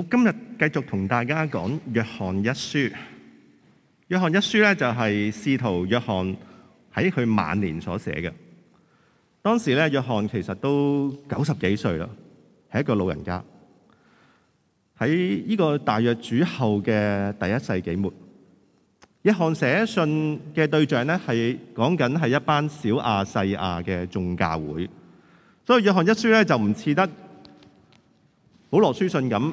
好，今日繼續同大家講《約翰一書》。《約翰一書》咧就係使徒約翰喺佢晚年所寫嘅。當時咧，約翰其實都九十幾歲啦，係一個老人家。喺呢個大約主後嘅第一世紀末，約翰寫信嘅對象咧係講緊係一班小亞細亞嘅眾教會。所以《約翰一書》咧就唔似得保羅書信咁。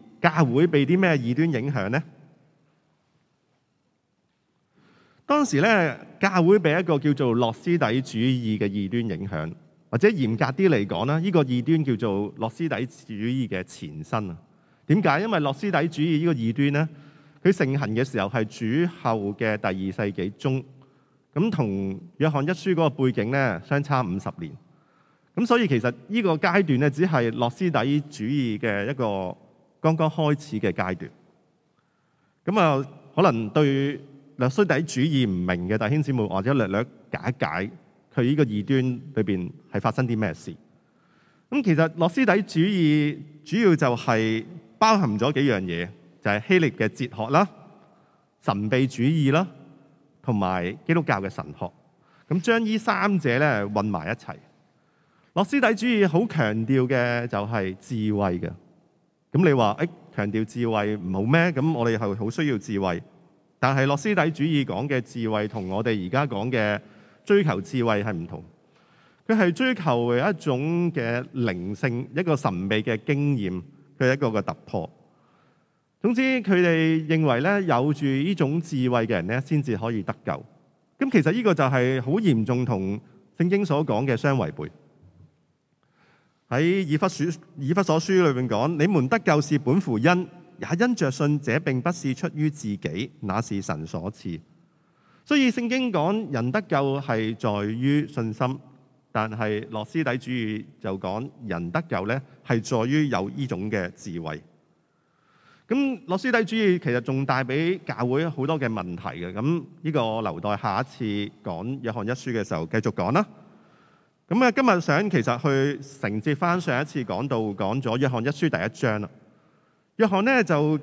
教會被啲咩異端影響呢？當時咧，教會被一個叫做諾斯底主義嘅異端影響，或者嚴格啲嚟講呢，依個異端叫做諾斯底主義嘅前身啊。點解？因為諾斯底主義呢個異端呢，佢盛行嘅時候係主後嘅第二世紀中，咁同約翰一書嗰個背景呢相差五十年，咁所以其實呢個階段呢只係諾斯底主義嘅一個，剛剛開始嘅階段，咁啊，可能對諾斯底主義唔明嘅弟兄姊妹，或者略略解解佢呢個異端裏邊係發生啲咩事。咁其實諾斯底主義主要就係包含咗幾樣嘢，就係希臘嘅哲學啦、神秘主義啦，同埋基督教嘅神學。咁將呢三者咧混埋一齊。諾斯底主義好強調嘅就係智慧嘅。咁你話誒強調智慧唔好咩？咁我哋係好需要智慧，但係洛斯底主義講嘅智慧同我哋而家講嘅追求智慧係唔同。佢係追求一種嘅靈性、一個神秘嘅經驗，佢係一個嘅突破。總之，佢哋認為咧有住呢種智慧嘅人咧先至可以得救。咁其實呢個就係好嚴重同聖經所講嘅相違背。喺以弗所書裏面講，你們得救是本乎恩，也因着信。這並不是出於自己，那是神所賜。所以聖經講人得救係在於信心，但係洛斯底主義就講人得救呢係在於有呢種嘅智慧。咁洛斯底主義其實仲帶俾教會好多嘅問題嘅。咁呢個留待下一次講約翰一書嘅時候繼續講啦。咁啊，今日想其實去承接翻上，上一次講到講咗約翰一書第一章啦。約翰呢就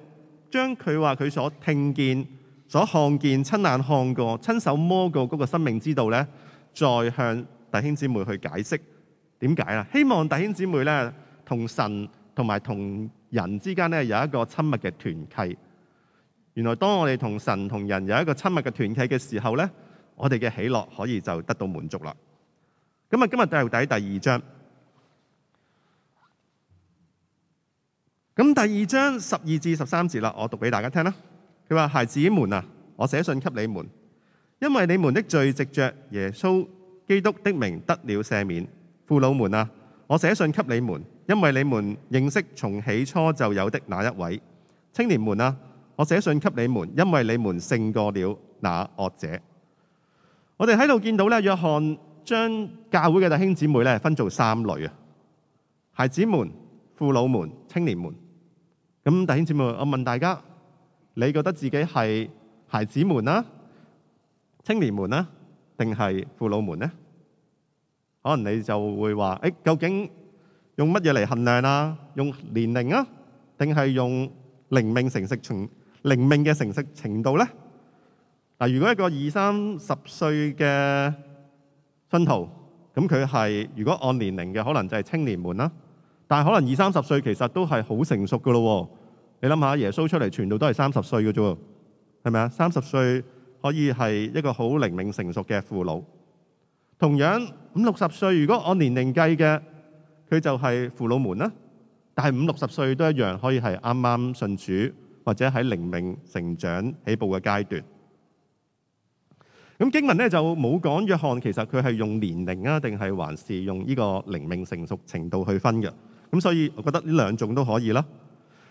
將佢話佢所聽見、所看見、親眼看過、親手摸過嗰個生命之道呢，再向弟兄姊妹去解釋點解。希望弟兄姊妹呢，同神同埋同人之間呢，有一個親密嘅團契。原來當我哋同神同人有一個親密嘅團契嘅時候呢，我哋嘅喜樂可以就得到滿足啦。咁啊，今日繼續睇第二章。咁第二章十二至十三節啦，我讀俾大家聽啦。佢話：孩子們啊，我寫信給你們，因為你們的罪藉着耶穌基督的名得了赦免。父老們啊，我寫信給你們，因為你們認識從起初就有的那一位。青年們啊，我寫信給你們，因為你們勝過了那惡者。我哋喺度見到咧，約翰。將教會嘅弟兄姊妹咧分做三類啊，孩子們、父老們、青年們。咁弟兄姊妹，我問大家，你覺得自己係孩子們啦、青年們啦，定係父老們呢？可能你就會話，誒，究竟用乜嘢嚟衡量啊？用年齡啊，定係用靈命成熟程靈命嘅成熟程度呢？嗱，如果一個二三十歲嘅，信徒，咁佢係如果按年齡嘅，可能就係青年們啦，但可能二三十歲其實都係好成熟噶咯喎。你諗下，耶穌出嚟全部都係三十歲嘅啫，係咪啊？三十歲可以係一個好靈命成熟嘅父老。同樣五六十歲，如果按年齡計嘅，佢就係父老們啦。但係五六十歲都一樣可以係啱啱信主或者喺靈命成長起步嘅階段。咁經文咧就冇講約翰，其實佢係用年齡啊，定係還是用呢個靈命成熟程度去分嘅。咁所以，我覺得呢兩種都可以啦。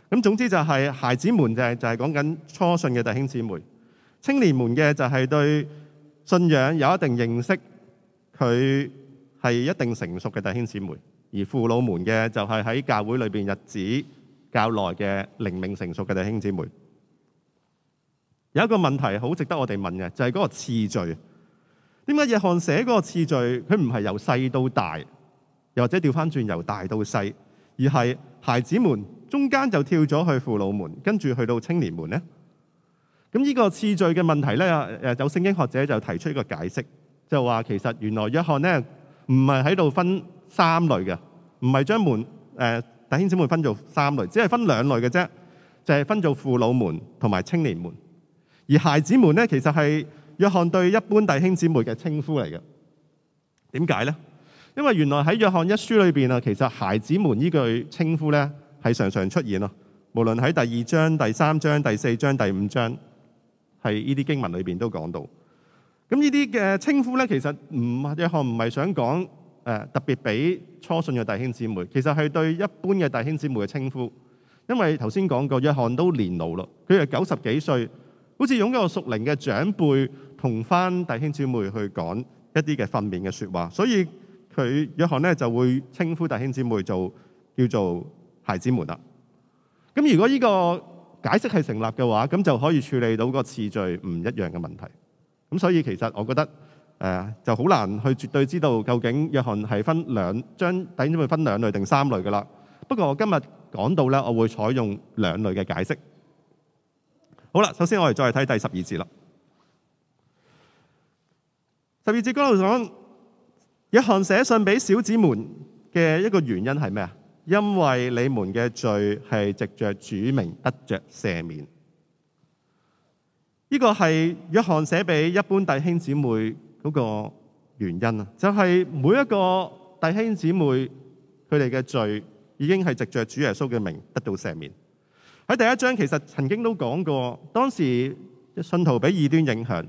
咁總之就係孩子們嘅就係講緊初信嘅弟兄姊妹，青年們嘅就係對信仰有一定認識，佢係一定成熟嘅弟兄姊妹，而父老們嘅就係喺教會裏邊日子較耐嘅靈命成熟嘅弟兄姊妹。有一個問題好值得我哋問嘅，就係嗰個次序，點解約翰寫嗰個次序？佢唔係由細到大，又或者調翻轉由大到細，而係孩子們中間就跳咗去父老們，跟住去到青年們咧。咁呢個次序嘅問題咧，誒有聖經學者就提出一個解釋，就話其實原來約翰咧唔係喺度分三類嘅，唔係將門誒、呃、弟兄姊妹分做三類，只係分兩類嘅啫，就係、是、分做父老們同埋青年們。而孩子們咧，其實係約翰對一般弟兄姊妹嘅稱呼嚟嘅。點解呢？因為原來喺約翰一書裏邊啊，其實孩子們這句稱呢句稱呼咧，係常常出現咯。無論喺第二章、第三章、第四章、第五章，係呢啲經文裏邊都講到。咁呢啲嘅稱呼咧，其實唔約翰唔係想講誒特別俾初信嘅弟兄姊妹，其實係對一般嘅弟兄姊妹嘅稱呼。因為頭先講過，約翰都年老咯，佢係九十幾歲。好似用一個熟齡嘅長輩同翻弟兄姊妹去講一啲嘅訓勉嘅説話，所以佢約翰咧就會稱呼弟兄姊妹做叫做孩子們啦。咁如果呢個解釋係成立嘅話，咁就可以處理到個次序唔一樣嘅問題。咁所以其實我覺得誒就好難去絕對知道究竟約翰係分兩將弟兄姊妹分兩類定三類噶啦。不過我今日講到咧，我會採用兩類嘅解釋。好啦，首先我哋再嚟睇第十二節啦。十二節嗰度講，約翰寫信俾小子們嘅一個原因係咩啊？因為你們嘅罪係藉着主名得着赦免。呢個係約翰寫俾一般弟兄姊妹嗰個原因啊，就係、是、每一個弟兄姊妹佢哋嘅罪已經係藉着主耶穌嘅名得到赦免。喺第一章其實曾經都講過，當時信徒俾異端影響，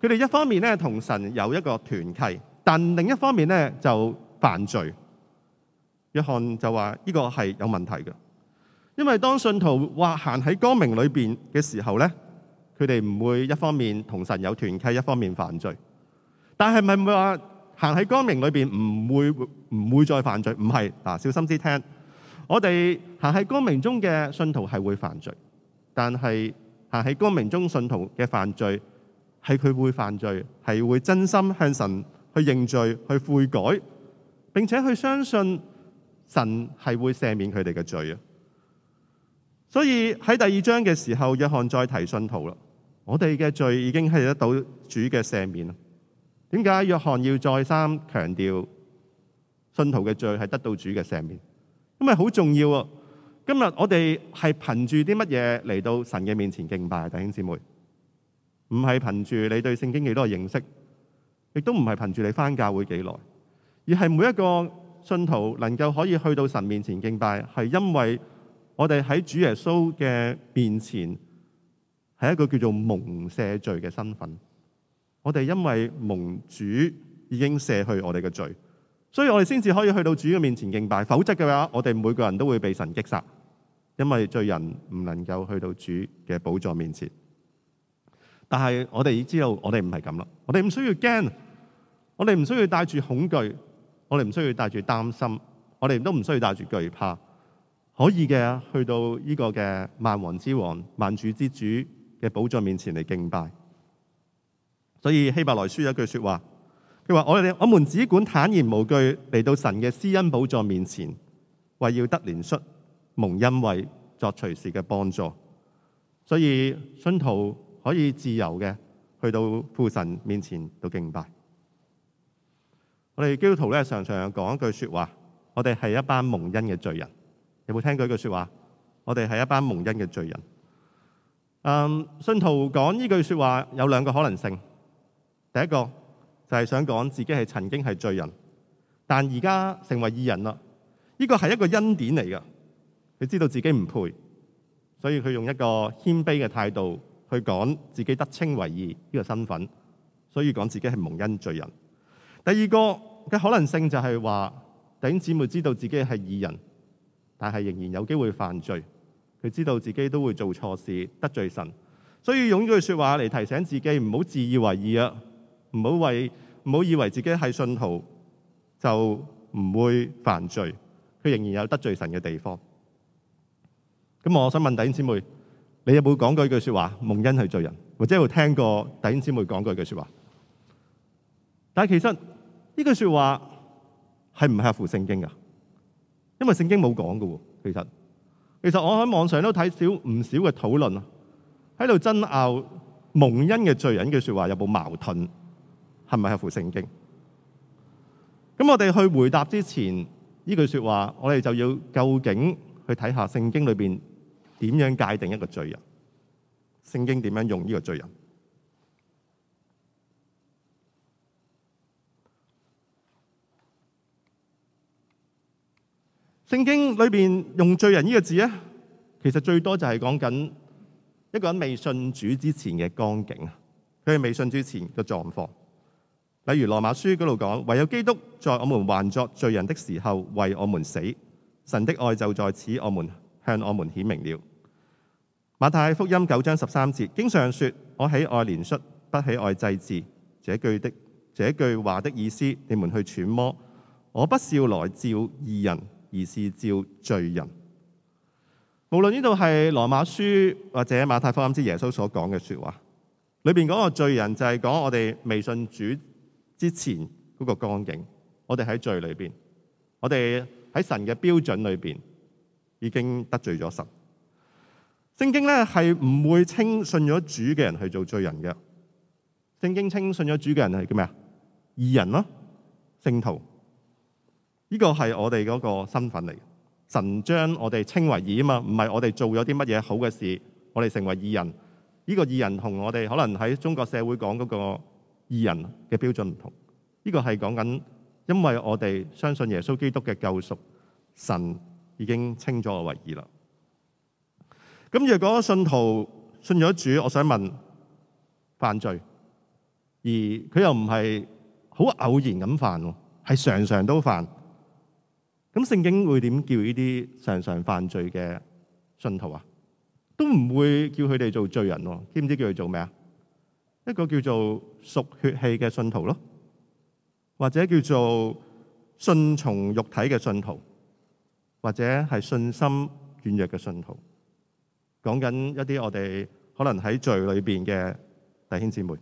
佢哋一方面咧同神有一個團契，但另一方面咧就犯罪。約翰就話呢個係有問題嘅，因為當信徒話行喺光明裏面嘅時候咧，佢哋唔會一方面同神有團契，一方面犯罪。但係咪話行喺光明裏面唔會唔會再犯罪？唔係，嗱，小心啲聽。我哋行喺光明中嘅信徒係會犯罪，但係行喺光明中信徒嘅犯罪係佢會犯罪，係會真心向神去認罪、去悔改，並且去相信神係會赦免佢哋嘅罪啊！所以喺第二章嘅時候，約翰再提信徒啦，我哋嘅罪已經係得到主嘅赦免啦，點解約翰要再三強調信徒嘅罪係得到主嘅赦免？咁咪好重要啊！今日我哋係憑住啲乜嘢嚟到神嘅面前敬拜，弟兄姊妹？唔係憑住你對聖經幾多嘅認識，亦都唔係憑住你翻教會幾耐，而係每一個信徒能夠可以去到神面前敬拜，係因為我哋喺主耶穌嘅面前係一個叫做蒙赦罪嘅身份。我哋因為蒙主已經赦去我哋嘅罪。所以我哋先至可以去到主嘅面前敬拜，否則嘅話，我哋每個人都會被神擊殺，因為罪人唔能夠去到主嘅寶座面前。但係我哋知道我們，我哋唔係咁啦，我哋唔需要驚，我哋唔需要帶住恐懼，我哋唔需要帶住擔心，我哋都唔需要帶住懼怕，可以嘅去到呢個嘅萬王之王、萬主之主嘅寶座面前嚟敬拜。所以希伯來書有一句說話。佢話我哋，我們只管坦然無懼嚟到神嘅施恩寶座面前，為要得憐恤蒙恩惠、作隨時嘅幫助。所以信徒可以自由嘅去到父神面前都敬拜。我哋基督徒咧，常常講一句說話，我哋係一班蒙恩嘅罪人。有冇聽過一句說話？我哋係一班蒙恩嘅罪人。嗯，信徒講呢句說話有兩個可能性。第一個。就係想講自己係曾經係罪人，但而家成為義人啦。呢個係一個恩典嚟噶。佢知道自己唔配，所以佢用一個謙卑嘅態度去講自己得稱為義呢個身份，所以講自己係蒙恩罪人。第二個嘅可能性就係話，弟兄姊妹知道自己係義人，但係仍然有機會犯罪。佢知道自己都會做錯事得罪神，所以用呢句說話嚟提醒自己唔好自以為義啊，唔好為。唔好以為自己係信徒就唔會犯罪，佢仍然有得罪神嘅地方。咁，我想問弟兄姊妹，你有冇講過一句說話蒙恩係罪人，或者有聽過弟兄姊妹講過一句說話？但係其實呢句說話係唔係合乎聖經噶？因為聖經冇講噶喎。其實，其實我喺網上都睇少唔少嘅討論，喺度爭拗蒙恩嘅罪人嘅說話有冇矛盾？係咪合乎聖經？咁我哋去回答之前，呢句說話，我哋就要究竟去睇下聖經裏邊點樣界定一個罪人？聖經點樣用呢個罪人？聖經裏邊用罪人呢個字咧，其實最多就係講緊一個人未信主之前嘅光景啊，佢係未信主前嘅狀況。例如羅馬書嗰度講，唯有基督在我們還作罪人的時候為我們死，神的愛就在此，我們向我們顯明了。馬太福音九章十三節經常說，我喜愛憐恤，不喜愛祭祀。」這句的這句話的意思，你們去揣摩。我不是要來召義人，而是召罪人。無論呢度係羅馬書或者馬太福音之耶穌所講嘅說話，裏邊嗰個罪人就係講我哋未信主。之前嗰個光景，我哋喺罪裏邊，我哋喺神嘅標準裏邊已經得罪咗神。聖經咧係唔會稱信咗主嘅人去做罪人嘅。聖經稱信咗主嘅人係叫咩啊？義人咯，聖徒。呢個係我哋嗰個身份嚟。神將我哋稱為義啊嘛，唔係我哋做咗啲乜嘢好嘅事，我哋成為義人。呢個義人同我哋可能喺中國社會講嗰個。二人嘅標準唔同，呢個係講緊，因為我哋相信耶穌基督嘅救贖，神已經清咗我為義啦。咁若果信徒信咗主，我想問犯罪，而佢又唔係好偶然咁犯，係常常都犯。咁聖經會點叫呢啲常常犯罪嘅信徒啊？都唔會叫佢哋做罪人喎，知唔知叫佢做咩啊？一個叫做屬血氣嘅信徒咯，或者叫做信從肉體嘅信徒，或者係信心軟弱嘅信徒，講緊一啲我哋可能喺罪裏面嘅弟兄姊妹。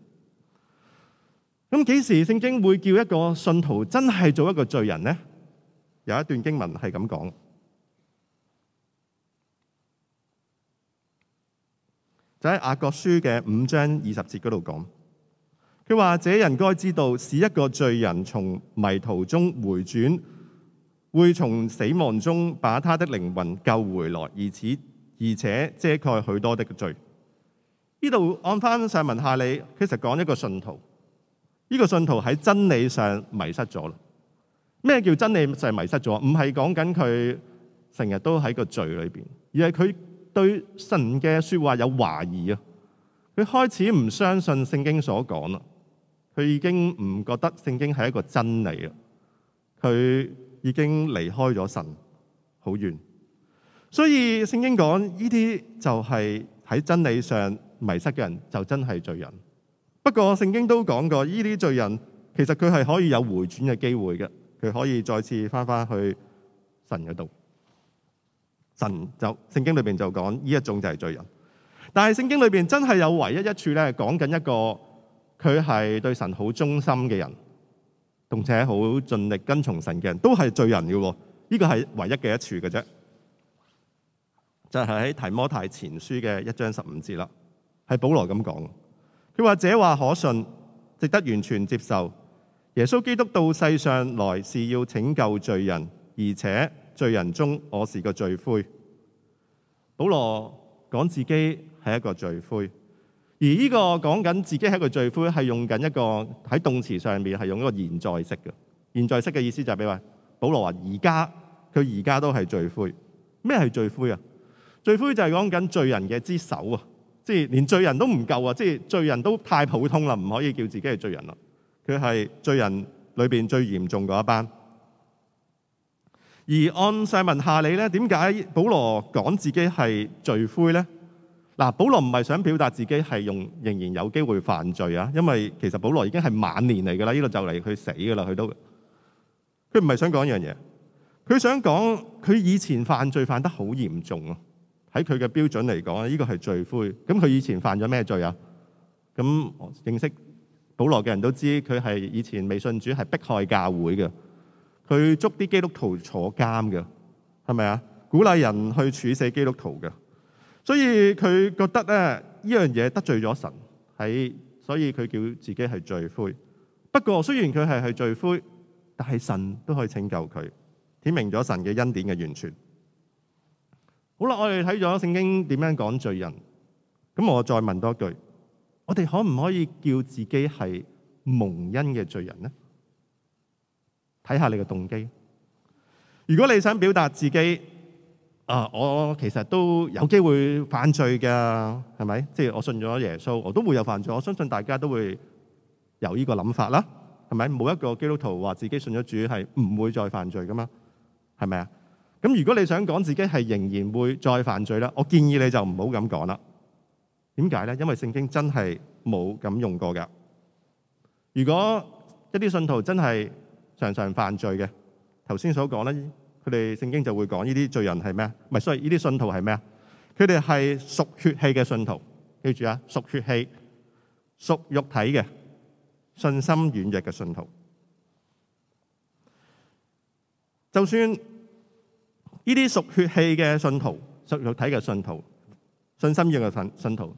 咁幾時聖經會叫一個信徒真係做一個罪人呢？有一段經文係咁講。就喺雅各書嘅五章二十節嗰度講，佢話：這人該知道，是一個罪人從迷途中回轉，會從死亡中把他的靈魂救回來，而此而且遮蓋許多的罪。呢度按翻上文下理，其實講一個信徒，呢、呢個信徒喺真理上迷失咗啦。咩叫真理上迷失咗？唔係講緊佢成日都喺個罪裏面，而係佢。對神嘅說話有懷疑啊，佢開始唔相信聖經所講啦，佢已經唔覺得聖經係一個真理啊，佢已經離開咗神好遠，所以聖經講呢啲就係喺真理上迷失嘅人就真係罪人。不過聖經都講過，呢啲罪人其實佢係可以有回轉嘅機會嘅，佢可以再次返返去神嗰度。神就聖經裏面就講呢一種就係罪人，但係聖經裏面真係有唯一一處咧講緊一個佢係對神好忠心嘅人，同且好盡力跟從神嘅人都係罪人嘅喎，呢、這個係唯一嘅一處嘅啫。就係、是、喺提摩太前書嘅一章十五節啦，係保羅咁講，佢話這話可信，值得完全接受。耶穌基督到世上來是要拯救罪人，而且。罪人中，我是個罪魁。保羅講自己係一個罪魁，而呢個講緊自己係一個罪魁，係用緊一個喺動詞上面係用一個現在式嘅。現在式嘅意思就係、是，比如話保羅話：而家佢而家都係罪魁。咩係罪魁啊？罪魁就係講緊罪人嘅之首啊！即係連罪人都唔夠啊！即係罪人都太普通啦，唔可以叫自己係罪人啦。佢係罪人裏邊最嚴重嗰一班。而按世文下理咧，點解保羅講自己係罪魁咧？嗱，保羅唔係想表達自己係用仍然有機會犯罪啊，因為其實保羅已經係晚年嚟噶啦，呢個就嚟佢死噶啦，佢都佢唔係想講一樣嘢，佢想講佢以前犯罪犯得好嚴重啊！喺佢嘅標準嚟講，呢個係罪魁。咁佢以前犯咗咩罪啊？咁認識保羅嘅人都知，佢係以前未信主係迫害教會嘅。佢捉啲基督徒坐監嘅，係咪啊？鼓勵人去處死基督徒嘅，所以佢覺得咧呢樣嘢、這個、得罪咗神，係所以佢叫自己係罪魁。不過雖然佢係係罪魁，但係神都可以拯救佢，顯明咗神嘅恩典嘅完全。好啦，我哋睇咗聖經點樣講罪人，咁我再問多句：我哋可唔可以叫自己係蒙恩嘅罪人呢？睇下你嘅動機。如果你想表達自己啊，我其實都有機會犯罪㗎，係咪？即係我信咗耶穌，我都會有犯罪。我相信大家都會有呢個諗法啦，係咪？冇一個基督徒話自己信咗主係唔會再犯罪噶嘛，係咪啊？咁如果你想講自己係仍然會再犯罪啦，我建議你就唔好咁講啦。點解咧？因為聖經真係冇咁用過噶。如果一啲信徒真係，常常犯罪嘅，頭先所講咧，佢哋聖經就會講呢啲罪人係咩啊？唔係，所以呢啲信徒係咩啊？佢哋係屬血氣嘅信徒，記住啊，屬血氣、屬肉體嘅信心軟弱嘅信徒，就算呢啲屬血氣嘅信徒、屬肉體嘅信徒、信心軟弱嘅信信徒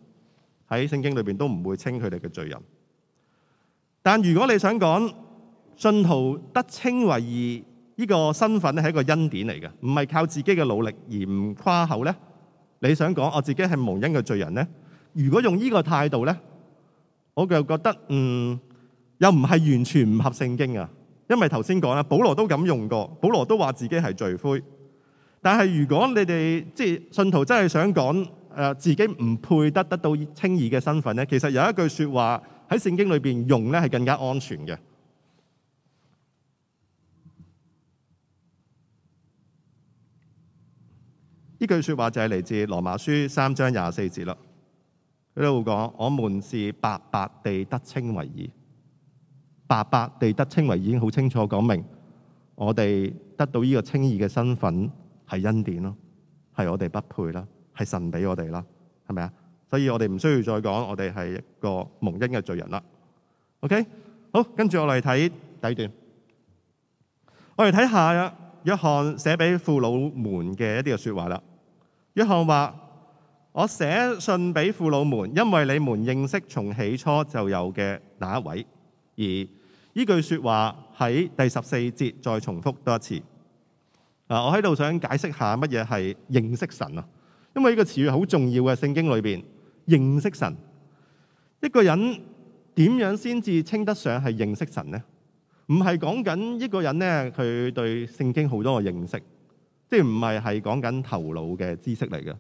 喺聖經裏邊都唔會稱佢哋嘅罪人。但如果你想講，信徒得稱為義呢，這個身份咧，係一個恩典嚟嘅，唔係靠自己嘅努力而唔誇口咧。你想講我自己係蒙恩嘅罪人咧？如果用這個態度呢個態度咧，我就覺得嗯，又唔係完全唔合聖經啊。因為頭先講啦，保羅都咁用過，保羅都話自己係罪魁。但係如果你哋即係信徒真係想講，呃、自己唔配得得到稱義嘅身份咧，其實有一句說話喺聖經裏邊用咧係更加安全嘅。呢句說話就係嚟自羅馬書三章廿四節啦。佢都會講，我們是白白地得稱為義，白白地得稱為義。已經好清楚講明，我哋得到呢個稱義嘅身份係恩典咯，係我哋不配啦，係神俾我哋啦，係咪啊？所以我哋唔需要再講我哋係一個蒙恩嘅罪人啦。OK，好，跟住我嚟睇第二段，我嚟睇下約翰寫俾父老們嘅一啲嘅說話啦。約翰話：我寫信俾父老們，因為你們認識從起初就有嘅那一位。而呢句說話喺第十四節再重複多一次。啊，我喺度想解釋下乜嘢係認識神啊？因為呢個詞語好重要嘅，聖經裏邊認識神，一個人點樣先至稱得上係認識神呢？唔係講緊呢個人呢，佢對聖經好多嘅認識。即唔係係講緊頭腦嘅知識嚟嘅。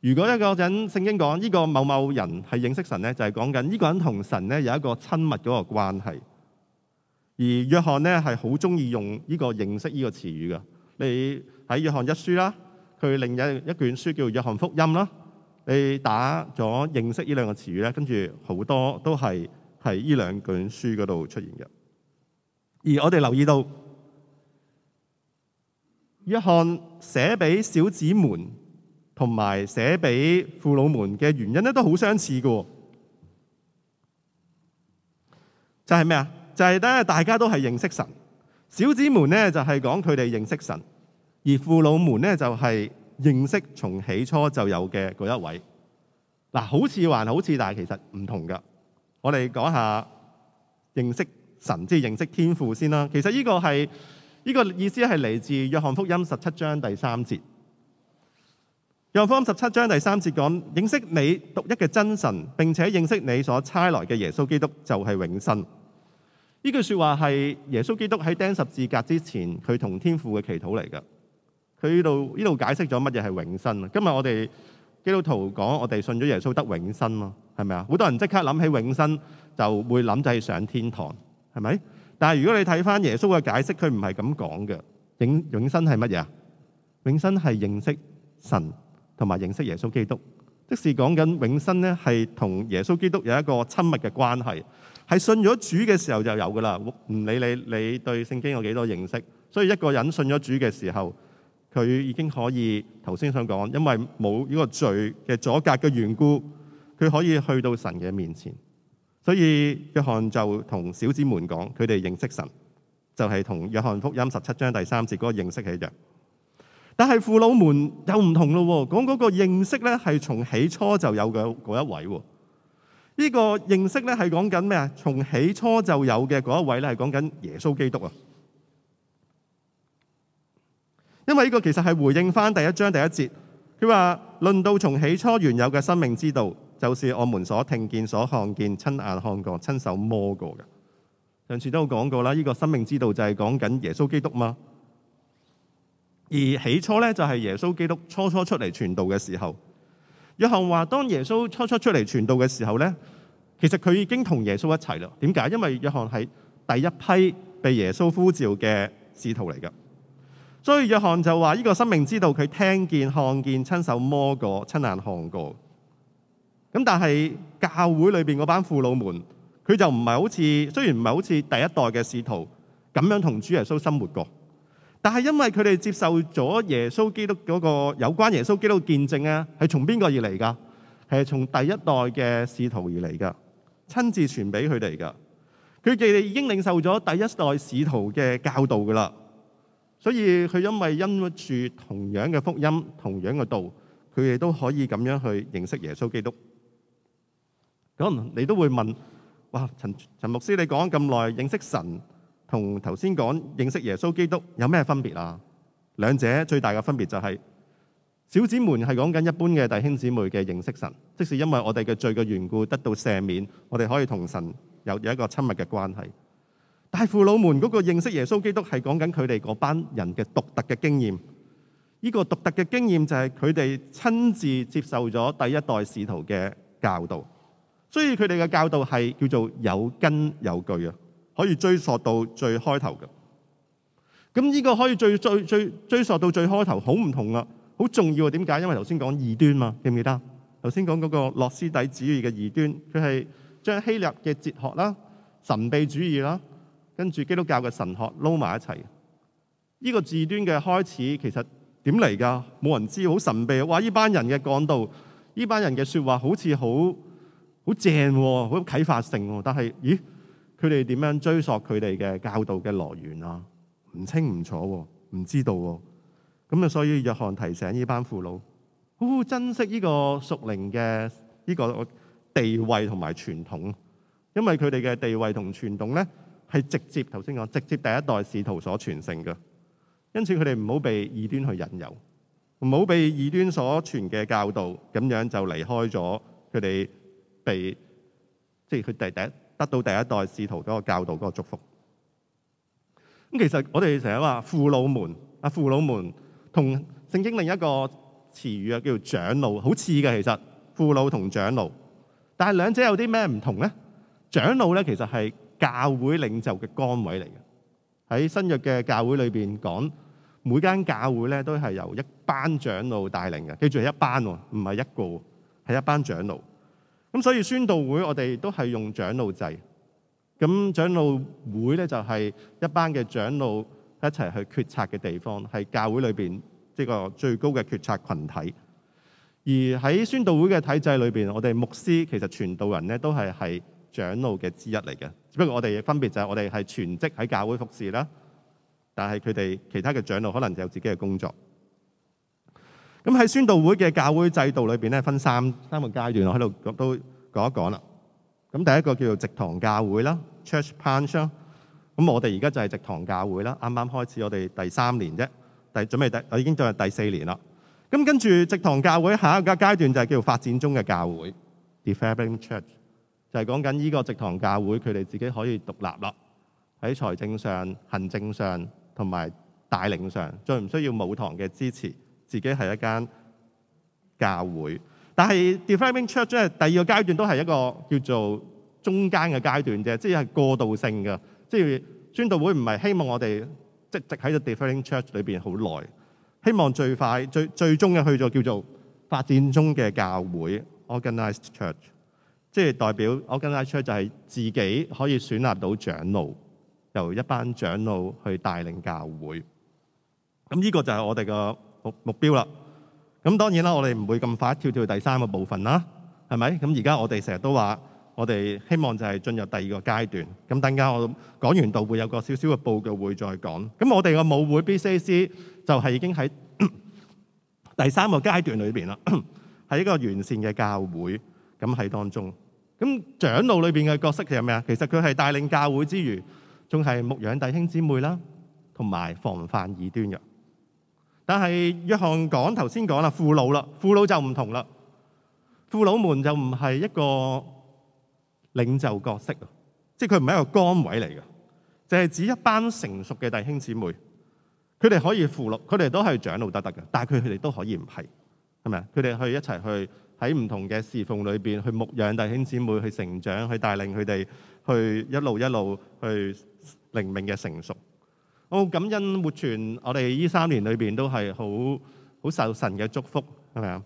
如果一個人聖經講呢、呢個某某人係認識神咧，就係講緊呢個人同神咧有一個親密嗰個關係。而約翰咧係好中意用呢個認識呢個詞語嘅。你喺約翰一書啦，佢另有一卷書叫約翰福音啦。你打咗認識呢兩個詞語咧，跟住好多都係係呢兩卷書嗰度出現嘅。而我哋留意到。一看寫俾小子們同埋寫俾父老們嘅原因咧，都好相似㗎。就係咩啊？就係咧，大家都係認識神。小子們咧就係講佢哋認識神，而父老們咧就係認識從起初就有嘅嗰一位。嗱，好似還好似，但係其實唔同㗎。我哋講下認識神，即係認識天父先啦。其實呢個係。呢個意思係嚟自約翰福音十七章第三節。約翰福音十七章第三節講，認識你獨一嘅真神，並且認識你所差來嘅耶穌基督就係永生。呢句說話係耶穌基督喺釘十字架之前佢同天父嘅祈禱嚟㗎。佢呢度，呢度解釋咗乜嘢係永生。今日我哋基督徒講，我哋信咗耶穌得永生咯，係咪啊？好多人即刻諗起永生就會諗就係上天堂，係咪？但係如果你睇返耶穌嘅解釋，佢唔係咁講嘅。永永生係乜嘢啊？永生係認識神同埋認識耶穌基督。即是講緊永生咧，係同耶穌基督有一個親密嘅關係。係信咗主嘅時候就有㗎喇，唔理你你對聖經有幾多認識。所以一個人信咗主嘅時候，佢已經可以頭先想講，因為冇呢個罪嘅阻隔嘅緣故，佢可以去到神嘅面前。所以約翰就同小子們講，佢哋認識神，就係同約翰福音十七章第三節嗰個認識一樣。但係父老們又唔同咯，講嗰個認識咧係從起初就有嘅嗰一位。呢個認識咧係講緊咩啊？從起初就有嘅嗰一位咧係講緊耶穌基督啊。因為呢個其實係回應翻第一章第一節，佢話論到從起初原有嘅生命之道。就是我們所聽見、所看見、親眼看過、親手摸過嘅。上次都有講過啦，呢個生命之道就係講緊耶穌基督嘛。而起初呢，就係耶穌基督初初出嚟傳道嘅時候，約翰話：當耶穌初初出嚟傳道嘅時候呢，其實佢已經同耶穌一齊啦。點解？因為約翰係第一批被耶穌呼召嘅使徒嚟㗎。所以約翰就話：呢個生命之道，佢聽見、看見、親手摸過、親眼看過。咁但係教會裏邊嗰班父老們，佢就唔係好似，雖然唔係好似第一代嘅使徒咁樣同主耶穌生活過，但係因為佢哋接受咗耶穌基督嗰個，有關耶穌基督嘅見證啊，係從邊個而嚟㗎？係從第一代嘅使徒而嚟㗎，親自傳俾佢哋㗎。佢哋已經領受咗第一代使徒嘅教導㗎啦，所以佢，因為因住同樣嘅福音、同樣嘅道，佢哋都可以咁樣去認識耶穌基督。可能你都會問：哇，陳陳牧師，你講咁耐，認識神同頭先講認識耶穌基督有咩分別啊？兩者最大嘅分別就係，小子們係講緊一般嘅弟兄姊妹嘅認識神，即使因為我哋嘅罪嘅緣故得到赦免，我哋可以同神有有一個親密嘅關係。大父老們嗰個認識耶穌基督係講緊佢哋嗰班人嘅獨特嘅經驗。呢個獨特嘅經驗就係佢哋親自接受咗第一代使徒嘅教導。所以佢哋嘅教導係叫做有根有據啊，可以追溯到最開頭嘅。咁呢個可以最最最追溯到最開頭，好唔同啊，好重要啊。點解？因為頭先講異端嘛，記唔記得頭先講嗰個諾斯底主義嘅異端，佢係將希臘嘅哲學啦、神秘主義啦，跟住基督教嘅神學撈埋一齊。呢、這個異端嘅開始其實點嚟㗎？冇人知，好神秘。哇！呢班人嘅講道，呢班人嘅說話好似好～好正，好有啟發性，但係咦，佢哋點樣追溯佢哋嘅教導嘅來源啊？唔清唔楚，唔知道咁啊。所以約翰提醒呢班父老，好好珍惜呢個屬靈嘅呢個地位同埋傳統，因為佢哋嘅地位同傳統呢係直接頭先講，直接第一代使徒所傳承嘅，因此佢哋唔好被異端去引誘，唔好被異端所傳嘅教導咁樣就離開咗佢哋。係即係佢，第第一得到第一代使徒嗰個教導嗰個祝福。咁其實我哋成日話父老們，阿父老們同聖經另一個詞語啊叫做長老，好似嘅，其實父老同長老，但係兩者有啲咩唔同咧？長老咧其實係教會領袖嘅崗位嚟嘅，喺新約嘅教會裏邊講，每間教會咧都係由一班長老帶領嘅，記住係一班喎，唔係一個，係一班長老。咁所以宣道會我哋都係用長老制，咁長老會咧就係一班嘅長老一齊去決策嘅地方，係教會裏邊即個最高嘅決策群體。而喺宣道會嘅體制裏邊，我哋牧師其實傳道人咧都係係長老嘅之一嚟嘅，只不過我哋分別就係我哋係全職喺教會服侍啦，但係佢哋其他嘅長老可能就有自己嘅工作。咁喺宣道會嘅教會制度裏面，咧，分三三個階段，我喺度都講一講啦。咁第一個叫做直堂教會啦 （Church p u n s o n 咁我哋而家就係直堂教會啦。啱啱開始，我哋第三年啫，第準備第我已經進入第四年啦。咁跟住直堂教會下一個階段就係叫做發展中嘅教會 d e f e b r i n g Church），就係講緊呢個直堂教會佢哋自己可以獨立啦，喺財政上、行政上同埋帶領上，再唔需要舞堂嘅支持。自己係一間教會，但係 defining church 即係第二個階段都係一個叫做中間嘅階段啫，即係過渡性噶。即係宣道會唔係希望我哋即直喺個 defining church 裏邊好耐，希望最快最最終嘅去咗叫做發展中嘅教會 organized church，即係代表 organized church 就係自己可以選立到長老，由一班長老去帶領教會。咁呢個就係我哋個。目目標啦，咁當然啦，我哋唔會咁快跳跳到第三個部分啦，係咪？咁而家我哋成日都話，我哋希望就係進入第二個階段。咁等間我講完道會有個少少嘅報告會再講。咁我哋嘅母會 BCC 就係已經喺第三個階段裏邊啦，係一個完善嘅教會咁喺當中。咁長老裏邊嘅角色係咩啊？其實佢係帶領教會之餘，仲係牧養弟兄姊妹啦，同埋防範異端嘅。但係約翰講頭先講啦，父老啦，父老就唔同啦，父老們就唔係一個領袖角色，即係佢唔係一個崗位嚟嘅，就係指一班成熟嘅弟兄姊妹，佢哋可以父老，佢哋都係長老得得嘅，但係佢哋都可以唔係，係咪啊？佢哋去一齊去喺唔同嘅侍奉裏邊去牧養弟兄姊妹，去成長，去帶領佢哋去一路一路去靈命嘅成熟。好感恩活泉，我哋依三年裏邊都係好好受神嘅祝福，係咪啊？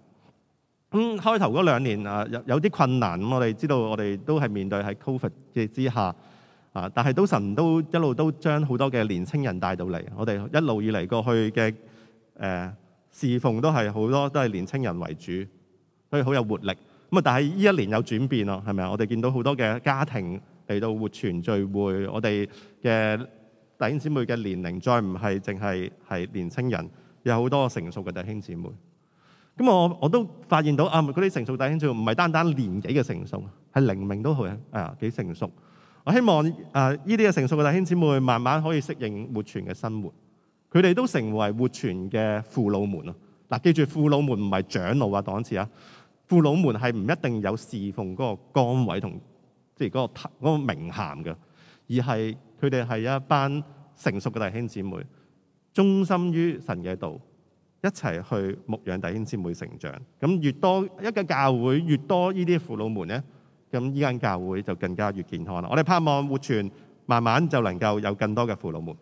咁、嗯、開頭嗰兩年啊，有有啲困難。咁我哋知道，我哋都係面對喺 COVID 嘅之下啊，但係都神都一路都將好多嘅年青人帶到嚟。我哋一路以嚟過去嘅誒、呃、侍奉都係好多都係年青人為主，所以好有活力。咁啊，但係呢一年有轉變咯，係咪啊？我哋見到好多嘅家庭嚟到活泉聚會，我哋嘅。弟兄姊妹嘅年齡再唔係淨係係年青人，有好多成熟嘅弟兄姊妹。咁我我都發現到啊，嗰啲成熟弟兄姊妹唔係單單年紀嘅成熟，係靈命都好啊，幾成熟。我希望啊，呢啲嘅成熟嘅弟兄姊妹慢慢可以適應活泉嘅生活。佢哋都成為活泉嘅父老們咯。嗱，記住，父老們唔係長老啊檔次啊，父老們係唔一定有侍奉嗰個崗位同即係嗰個嗰個名銜嘅，而係。佢哋係一班成熟嘅弟兄姊妹，忠心於神嘅道，一齊去牧養弟兄姊妹成長。咁越多一個教會，越多依啲父老們咧，咁依間教會就更加越健康啦。我哋盼望活泉，慢慢就能夠有更多嘅父老們。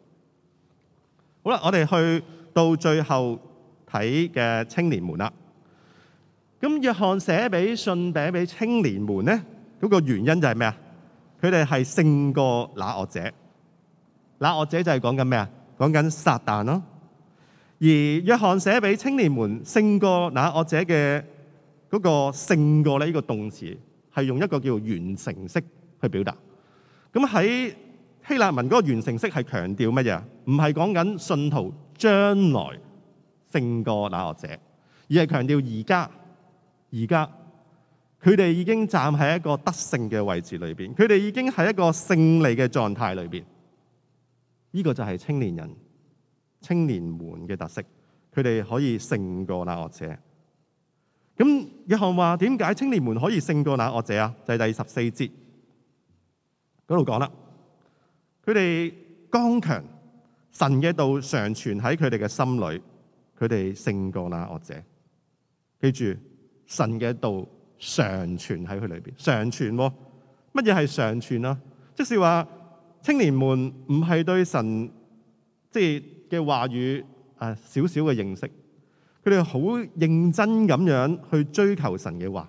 好啦，我哋去到最後睇嘅青年們啦。咁約翰寫俾信俾俾青年們咧，嗰個原因就係咩啊？佢哋係勝過那惡者。嗱，那惡者就係講緊咩啊？講緊撒旦咯。而約翰寫俾青年們勝過那惡者嘅嗰個勝過呢個動詞係用一個叫完成式去表達。咁喺希臘文嗰個完成式係強調乜嘢？唔係講緊信徒將來勝過那惡者，而係強調而家，而家佢哋已經站喺一個得勝嘅位置裏面，佢哋已經喺一個勝利嘅狀態裏面。呢、這個就係青年人、青年們嘅特色，佢哋可以勝過那惡者。咁約翰話：點解青年們可以勝過那惡者啊？就係、是、第十四節嗰度講啦。佢哋剛強，神嘅道常存喺佢哋嘅心裏。佢哋勝過那惡者。記住，神嘅道常存喺佢裏邊，常存喎，乜嘢係常存啊？即是話。青年們唔係對神即係嘅話語啊，少少嘅認識，佢哋好認真咁樣去追求神嘅話，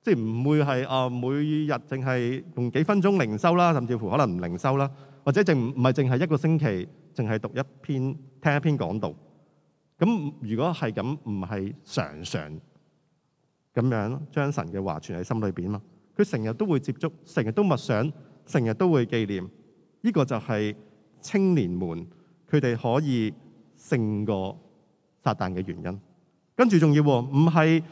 即係唔會係啊，每日淨係用幾分鐘靈修啦，甚至乎可能唔靈修啦，或者淨唔係淨係一個星期淨係讀一篇聽一篇講道。咁如果係咁，唔係常常咁樣將神嘅話存喺心裏邊嘛？佢成日都會接觸，成日都默想，成日都會紀念。呢、這個就係青年們佢哋可以勝過撒但嘅原因。跟住仲要唔係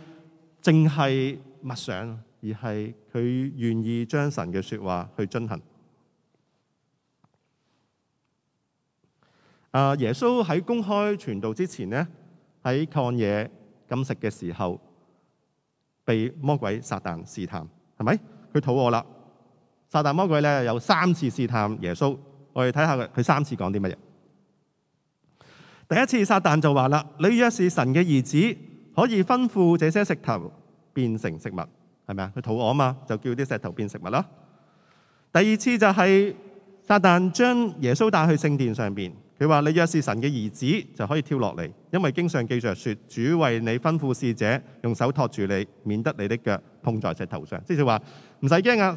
淨係默想，而係佢願意將神嘅説話去遵行。啊，耶穌喺公開傳道之前咧，喺曠野禁食嘅時候，被魔鬼撒但試探，係咪佢肚餓啦？撒但魔鬼咧有三次試探耶穌，我哋睇下佢，佢三次講啲乜嘢。第一次撒但就話啦：你若是神嘅兒子，可以吩咐這些石頭變成食物，係咪啊？佢肚餓啊嘛，就叫啲石頭變食物啦。第二次就係撒但將耶穌帶去聖殿上邊，佢話：你若是神嘅兒子，就可以跳落嚟，因為經上記着說：主為你吩咐侍者用手托住你，免得你的腳碰在石頭上。即係話唔使驚啊！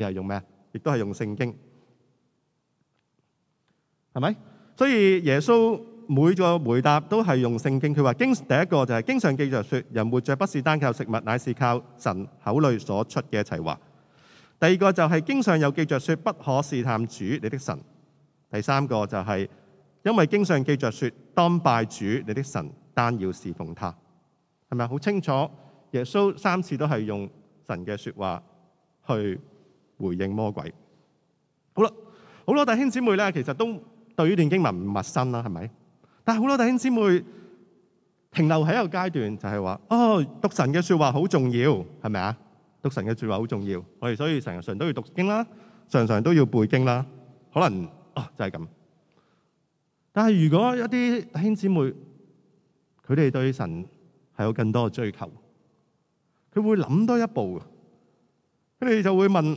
而係用咩？亦都係用聖經，係咪？所以耶穌每個回答都係用聖經。佢話經，第一個就係經常記着說：人活着不是單靠食物，乃是靠神口裏所出嘅一切話。第二個就係經常有記着說，不可試探主你的神。第三個就係因為經常記着說，當拜主你的神，單要侍奉他，係咪？好清楚，耶穌三次都係用神嘅說話去。回應魔鬼，好啦，好多，弟兄姊妹咧，其實都對於呢段經文唔陌生啦，係咪？但係好多弟兄姊妹停留喺一個階段，就係話哦，讀神嘅說話好重要，係咪啊？讀神嘅說話好重要，我哋所以成日常都要讀經啦，常常都要背經啦，可能哦就係咁。但係如果一啲弟兄姊妹，佢哋對神係有更多嘅追求，佢會諗多一步，佢哋就會問。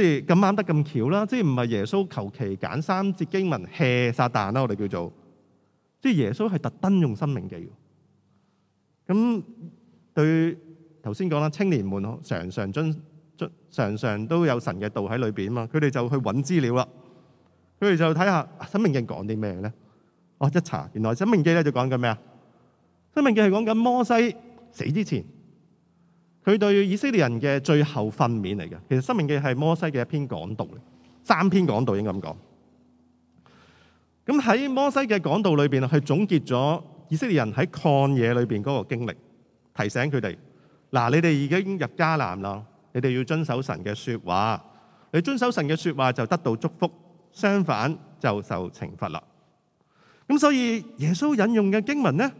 即係咁啱得咁巧啦，即係唔係耶穌求其揀三節經文勝撒但啦，我哋叫做，即係耶穌係特登用申命記。咁對頭先講啦，青年們常常遵遵常常都有神嘅道喺裏邊啊嘛，佢哋就去揾資料啦，佢哋就睇下申命記講啲咩咧？我一查，原來申命記咧就講緊咩啊？申命記係講緊摩西死之前。佢對以色列人嘅最後訓勉嚟嘅，其實《申命記》係摩西嘅一篇講道嚟，三篇講道應該咁講。咁喺摩西嘅講道裏邊啊，佢總結咗以色列人喺曠野裏邊嗰個經歷，提醒佢哋，嗱，你哋已經入迦南啦，你哋要遵守神嘅說話，你遵守神嘅說話就得到祝福，相反就受懲罰啦。咁所以耶穌引用嘅經文呢，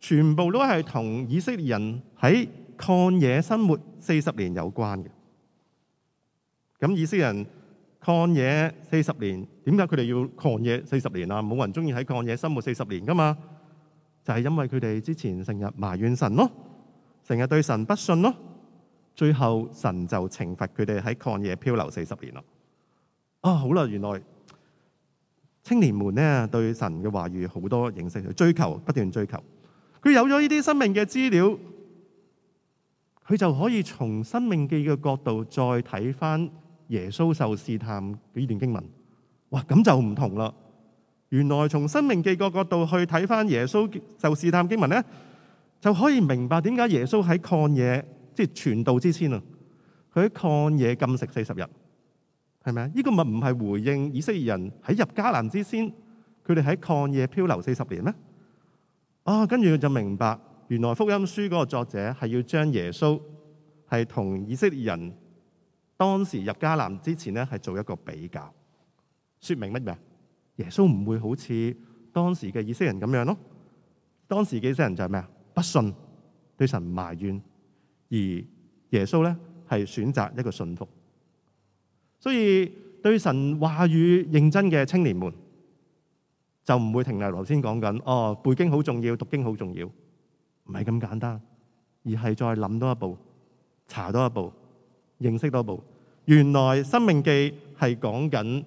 全部都係同以色列人喺曠野生活四十年有關嘅，咁以色列人曠野四十年，點解佢哋要曠野四十年啊？冇人中意喺曠野生活四十年噶嘛？就係因為佢哋之前成日埋怨神咯，成日對神不信咯，最後神就懲罰佢哋喺曠野漂流四十年咯。啊，好啦，原來青年們呢對神嘅話語好多認識去追求，不斷追求，佢有咗呢啲生命嘅資料。佢就可以從申命記嘅角度再睇翻耶穌受試探一段經文，哇！咁就唔同啦。原來從申命記個角度去睇翻耶穌受試探經文咧，就可以明白點解耶穌喺曠野，即係傳道之先啊，佢喺曠野禁食四十日，係咪啊？呢個咪唔係回應以色列人喺入迦南之先，佢哋喺曠野漂流四十年咩？啊、哦，跟住就明白。原來福音書嗰個作者係要將耶穌係同以色列人當時入迦南之前咧係做一個比較，說明乜嘢？耶穌唔會好似當時嘅以色列人咁樣咯。當時嘅以色人就係咩啊？不信，對神埋怨，而耶穌咧係選擇一個信服。所以對神話語認真嘅青年們，就唔會停留說。頭先講緊哦，背經好重要，讀經好重要。唔係咁簡單，而係再諗多一步、查多一步、認識多一步。原來《申命記》係講緊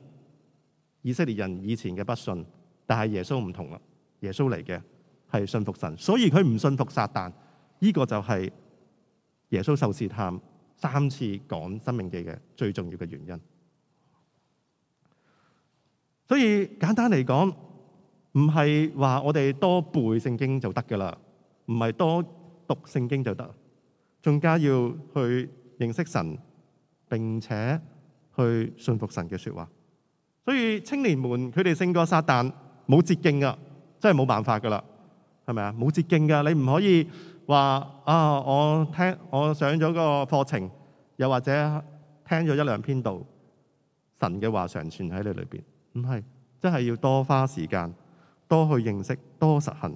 以色列人以前嘅不信，但係耶穌唔同啦，耶穌嚟嘅係信服神，所以佢唔信服撒但。呢個就係耶穌受試探三次講《申命記》嘅最重要嘅原因。所以簡單嚟講，唔係話我哋多背聖經就得噶啦。唔係多讀聖經就得，仲加要去認識神，並且去信服神嘅說話。所以青年們，佢哋勝過撒但，冇捷徑噶，真係冇辦法噶啦，係咪啊？冇捷徑噶，你唔可以話啊！我聽我上咗個課程，又或者聽咗一兩篇道，神嘅話，常存喺你裏邊。唔係，真係要多花時間，多去認識，多實行。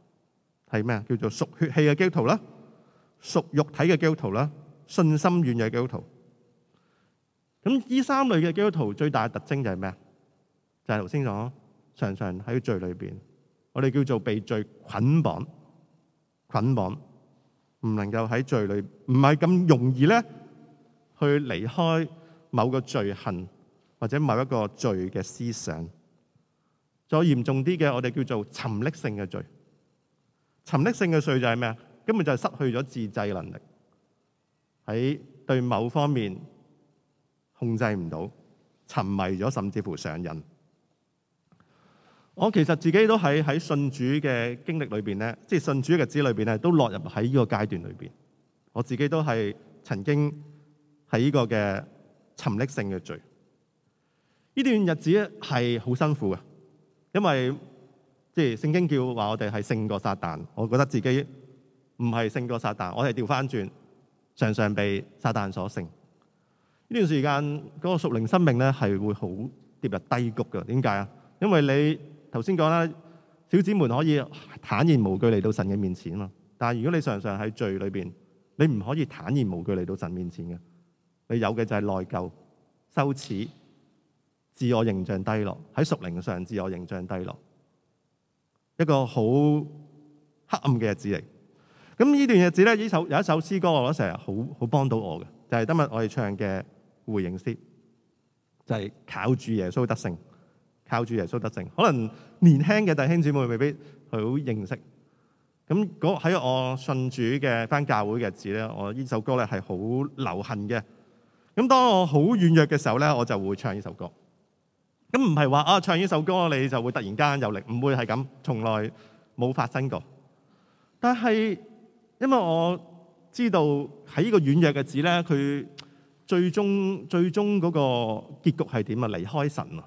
係咩啊？叫做屬血氣嘅基督徒啦，屬肉體嘅基督徒啦，信心軟弱嘅基督徒。咁呢三類嘅基督徒最大嘅特徵就係咩啊？就係頭先講，常常喺罪裏面，我哋叫做被罪捆綁，捆綁唔能夠喺罪裏，唔係咁容易咧去離開某個罪行，或者某一個罪嘅思想。再嚴重啲嘅，我哋叫做沉溺性嘅罪。沉溺性嘅罪就係咩啊？根本就係失去咗自制能力，喺對某方面控制唔到，沉迷咗甚至乎上癮。嗯。我其實自己都喺喺信主嘅經歷裏邊咧，即係信主嘅日子裏邊咧，都落入喺呢個階段裏邊。我自己都係曾經喺呢個嘅沉溺性嘅罪。呢段日子係好辛苦嘅，因為。即係聖經叫話我哋係勝過撒但。我覺得自己唔係勝過撒但，我係調翻轉，常常被撒但所勝。呢段時間嗰個屬靈生命咧係會好跌入低谷㗎。點解啊？因為你頭先講啦，小子們可以坦然無懼嚟到神嘅面前嘛。但係如果你常常喺罪裏面，你唔可以坦然無懼嚟到神面前嘅。你有嘅就係內疚、羞恥、自我形象低落，喺屬靈上，自我形象低落。一個好黑暗嘅日子嚟，咁呢段日子咧，呢首有一首詩歌，我覺得成日好好幫到我嘅，就係今日我哋唱嘅回應詩，就係靠住耶穌得勝，靠住耶穌得勝。可能年輕嘅弟兄姊妹未必好認識，咁喺我信主嘅返教會嘅日子咧，我呢首歌咧係好流行嘅，咁當我好軟弱嘅時候咧，我就會唱呢首歌。咁唔係話啊唱呢首歌你就會突然間有力。唔會係咁，從來冇發生過。但係因為我知道喺呢個軟弱嘅字咧，佢最終最終嗰個結局係點啊？離開神啊！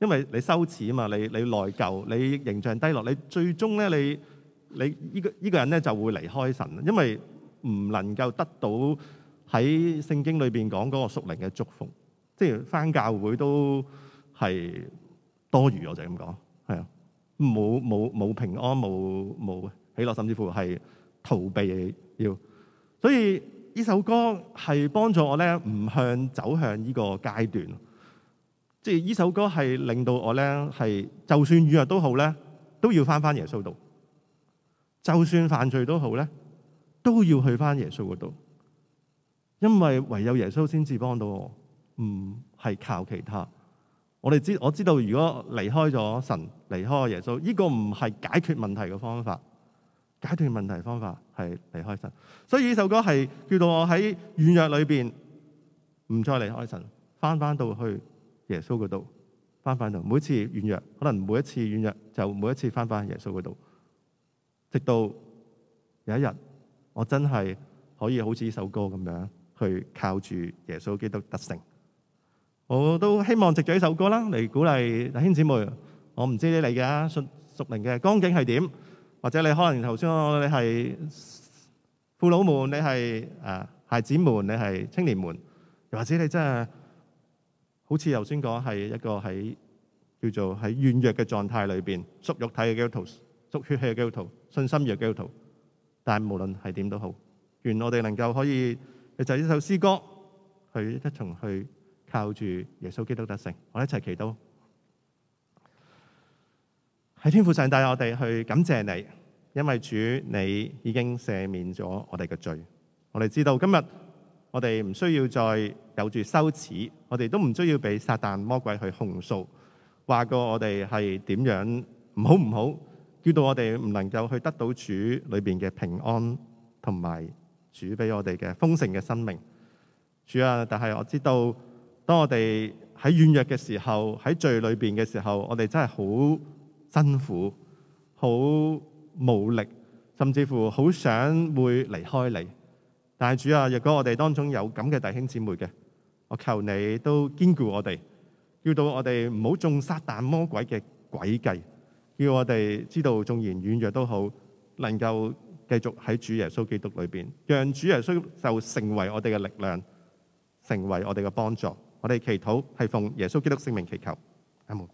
因為你羞恥啊嘛，你你內疚，你形象低落，你最終咧你你呢個呢個人咧就會離開神，因為唔能夠得到喺聖經裏面講嗰個屬靈嘅祝福，即係返教會都。係多餘，我就咁講，係啊，冇冇冇平安，冇冇喜樂，甚至乎係逃避要，所以呢首歌係幫助我咧，唔向走向呢個階段，即係呢首歌係令到我咧係，就算軟弱都好咧，都要翻翻耶穌度，就算犯罪都好咧，都要去翻耶穌嗰度，因為唯有耶穌先至幫到我，唔係靠其他。我哋知我知道，如果離開咗神，離開咗耶穌，呢個唔係解決問題嘅方法。解決問題方法係離開神。所以呢首歌係叫到我喺軟弱裏邊，唔再離開神，返返到去耶穌嗰度，返返到。每一次軟弱，可能每一次軟弱就每一次返返去耶穌嗰度，直到有一日我真係可以好似呢首歌咁樣，去靠住耶穌基督得勝。我都希望藉住呢首歌啦，嚟鼓勵弟兄姊妹。我唔知你哋嘅屬屬靈嘅光景係點，或者你可能頭先你係父老們，你係誒孩子們，你係青年們，又或者你真係好似頭先講係一個喺叫做喺軟弱嘅狀態裏邊，屬肉體嘅基督徒，屬血氣嘅基督徒，信心弱嘅基督徒。但係無論係點都好，願我哋能夠可以就係呢首詩歌去一從去。靠住耶穌基督得勝，我一齊祈禱。喺天父上帝，我哋去感謝你，因為主你已經赦免咗我哋嘅罪。我哋知道今日我哋唔需要再有住羞恥，我哋都唔需要俾撒旦魔鬼去控訴，話過我哋係點樣唔好唔好，叫到我哋唔能夠去得到主裏邊嘅平安，同埋主俾我哋嘅豐盛嘅生命。主啊！但係我知道。當我哋喺軟弱嘅時候，喺罪裏邊嘅時候，我哋真係好辛苦，好無力，甚至乎好想會離開你。但係主啊，若果我哋當中有咁嘅弟兄姊妹嘅，我求你都堅固我哋，叫到我哋唔好中撒但魔鬼嘅詭計，叫我哋知道縱然軟弱都好，能夠繼續喺主耶穌基督裏邊，讓主耶穌就成為我哋嘅力量，成為我哋嘅幫助。我哋祈禱係奉耶穌基督聖名祈求，阿門。